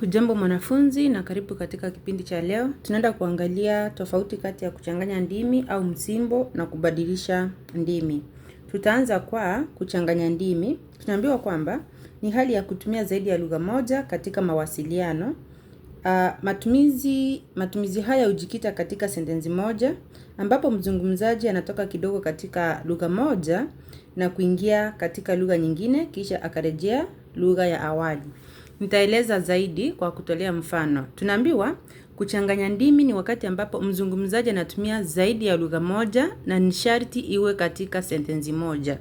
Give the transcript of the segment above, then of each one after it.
Hujambo mwanafunzi na karibu katika kipindi cha leo. Tunaenda kuangalia tofauti kati ya kuchanganya ndimi au msimbo na kubadilisha ndimi. Tutaanza kwa kuchanganya ndimi. Tunaambiwa kwamba ni hali ya kutumia zaidi ya lugha moja katika mawasiliano. Uh, matumizi, matumizi haya hujikita katika sentensi moja ambapo mzungumzaji anatoka kidogo katika lugha moja na kuingia katika lugha nyingine kisha akarejea lugha ya awali. Nitaeleza zaidi kwa kutolea mfano. Tunaambiwa kuchanganya ndimi ni wakati ambapo mzungumzaji anatumia zaidi ya lugha moja na ni sharti iwe katika sentensi moja.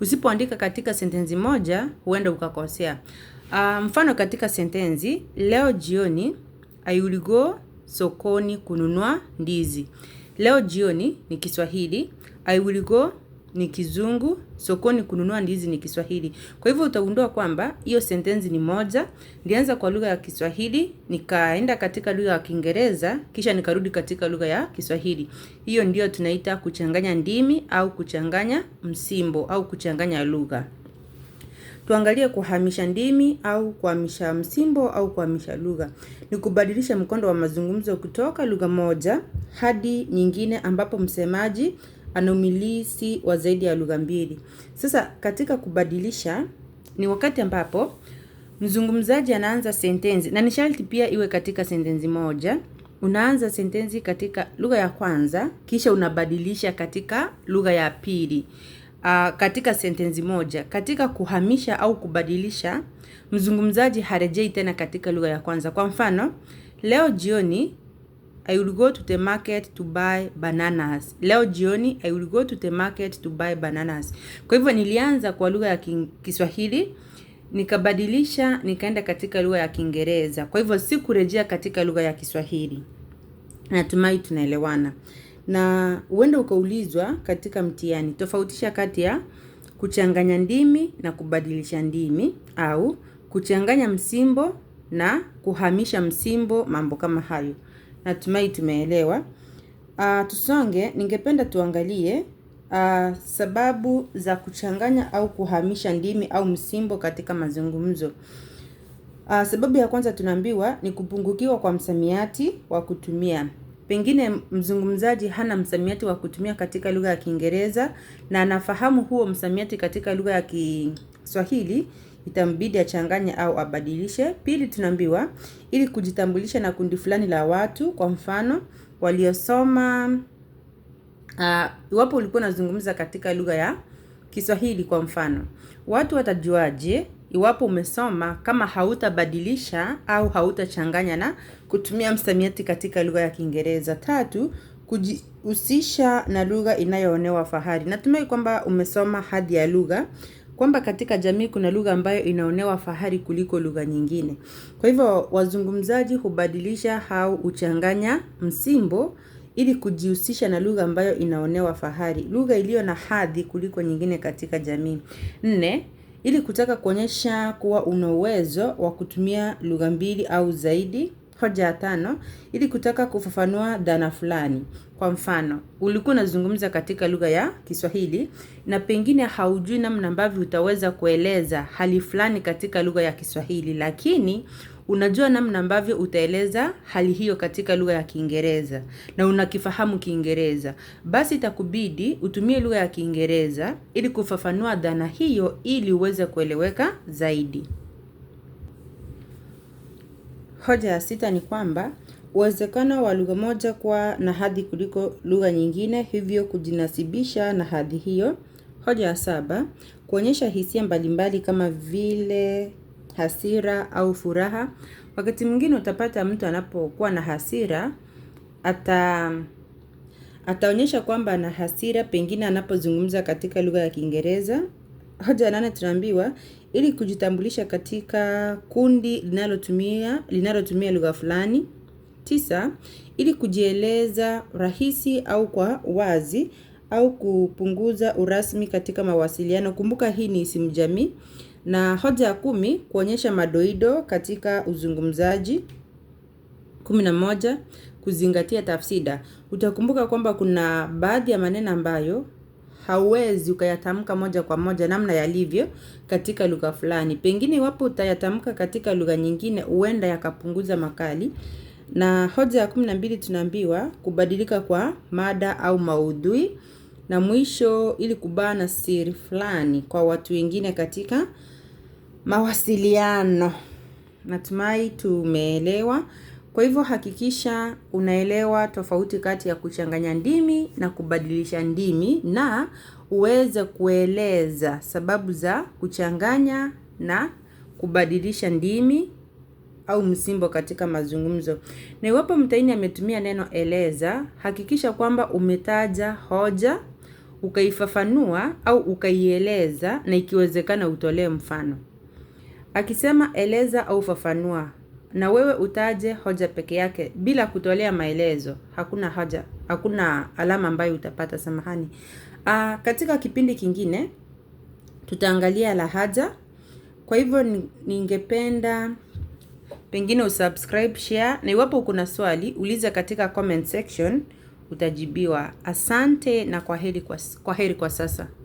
Usipoandika katika sentensi moja, huenda ukakosea. Uh, mfano katika sentensi, leo jioni I will go sokoni kununua ndizi. Leo jioni ni Kiswahili, I will go ni Kizungu, sokoni kununua ndizi ni Kiswahili. Kwa hivyo utagundua kwamba hiyo sentensi ni moja, nilianza kwa lugha ya Kiswahili, nikaenda katika lugha ya Kiingereza, kisha nikarudi katika lugha ya Kiswahili. Hiyo ndiyo tunaita kuchanganya ndimi au kuchanganya msimbo au kuchanganya lugha. Tuangalie kuhamisha ndimi au kuhamisha msimbo au kuhamisha lugha. Ni kubadilisha mkondo wa mazungumzo kutoka lugha moja hadi nyingine ambapo msemaji anomilisi wa zaidi ya lugha mbili. Sasa katika kubadilisha ni wakati ambapo mzungumzaji anaanza sentensi na ni sharti pia iwe katika sentensi moja. Unaanza sentensi katika lugha ya kwanza kisha unabadilisha katika lugha ya pili. Uh, katika sentensi moja. Katika kuhamisha au kubadilisha, mzungumzaji harejei tena katika lugha ya kwanza. Kwa mfano, leo jioni I will go to the market to buy bananas. Leo jioni I will go to the market to buy bananas. Kwa hivyo nilianza kwa lugha ya Kiswahili nikabadilisha nikaenda katika lugha ya Kiingereza. Kwa hivyo sikurejea katika lugha ya Kiswahili. Natumai tunaelewana. Na huenda ukaulizwa katika mtihani, tofautisha kati ya kuchanganya ndimi na kubadilisha ndimi au kuchanganya msimbo na kuhamisha msimbo, mambo kama hayo. Natumai tumeelewa. Uh, tusonge, ningependa tuangalie uh, sababu za kuchanganya au kuhamisha ndimi au msimbo katika mazungumzo. Uh, sababu ya kwanza tunaambiwa ni kupungukiwa kwa msamiati wa kutumia. Pengine mzungumzaji hana msamiati wa kutumia katika lugha ya Kiingereza na anafahamu huo msamiati katika lugha ya Kiswahili itambidi achanganye au abadilishe. Pili, tunaambiwa ili kujitambulisha na kundi fulani la watu, kwa mfano waliosoma. Ah, iwapo uh, ulikuwa unazungumza katika lugha ya Kiswahili, kwa mfano, watu watajuaje iwapo umesoma kama hautabadilisha au hautachanganya na kutumia msamiati katika lugha ya Kiingereza? Tatu, kujihusisha na lugha inayoonewa fahari. Natumai kwamba umesoma hadhi ya lugha kwamba katika jamii kuna lugha ambayo inaonewa fahari kuliko lugha nyingine. Kwa hivyo wazungumzaji hubadilisha au huchanganya msimbo ili kujihusisha na lugha ambayo inaonewa fahari, lugha iliyo na hadhi kuliko nyingine katika jamii. Nne, ili kutaka kuonyesha kuwa una uwezo wa kutumia lugha mbili au zaidi. Hoja ya tano, ili kutaka kufafanua dhana fulani. Kwa mfano, ulikuwa unazungumza katika lugha ya Kiswahili na pengine haujui namna ambavyo utaweza kueleza hali fulani katika lugha ya Kiswahili, lakini unajua namna ambavyo utaeleza hali hiyo katika lugha ya Kiingereza na unakifahamu Kiingereza, basi itakubidi utumie lugha ya Kiingereza ili kufafanua dhana hiyo ili uweze kueleweka zaidi. Hoja ya sita ni kwamba uwezekano wa lugha moja kuwa na hadhi kuliko lugha nyingine, hivyo kujinasibisha na hadhi hiyo. Hoja ya saba kuonyesha hisia mbalimbali kama vile hasira au furaha. Wakati mwingine utapata mtu anapokuwa na hasira ata ataonyesha kwamba ana hasira pengine anapozungumza katika lugha ya Kiingereza. Hoja ya nane tunaambiwa ili kujitambulisha katika kundi linalotumia linalotumia lugha fulani. Tisa, ili kujieleza rahisi au kwa wazi au kupunguza urasmi katika mawasiliano. Kumbuka hii ni isimu jamii. Na hoja ya kumi, kuonyesha madoido katika uzungumzaji. Kumi na moja, kuzingatia tafsida. Utakumbuka kwamba kuna baadhi ya maneno ambayo hauwezi ukayatamka moja kwa moja namna yalivyo katika lugha fulani. Pengine iwapo utayatamka katika lugha nyingine, huenda yakapunguza makali. Na hoja ya kumi na mbili tunaambiwa kubadilika kwa mada au maudhui, na mwisho ili kubana siri fulani kwa watu wengine katika mawasiliano. Natumai tumeelewa. Kwa hivyo hakikisha unaelewa tofauti kati ya kuchanganya ndimi na kubadilisha ndimi na uweze kueleza sababu za kuchanganya na kubadilisha ndimi au msimbo katika mazungumzo. Na iwapo mtaini ametumia neno eleza, hakikisha kwamba umetaja hoja, ukaifafanua au ukaieleza na ikiwezekana utolee mfano. Akisema eleza au fafanua, na wewe utaje hoja peke yake bila kutolea maelezo. Hakuna haja, hakuna alama ambayo utapata. Samahani. Aa, ah, katika kipindi kingine tutaangalia lahaja. Kwa hivyo ningependa pengine usubscribe, share, na iwapo kuna swali uliza katika comment section, utajibiwa. Asante na kwaheri kwa, kwaheri kwa sasa.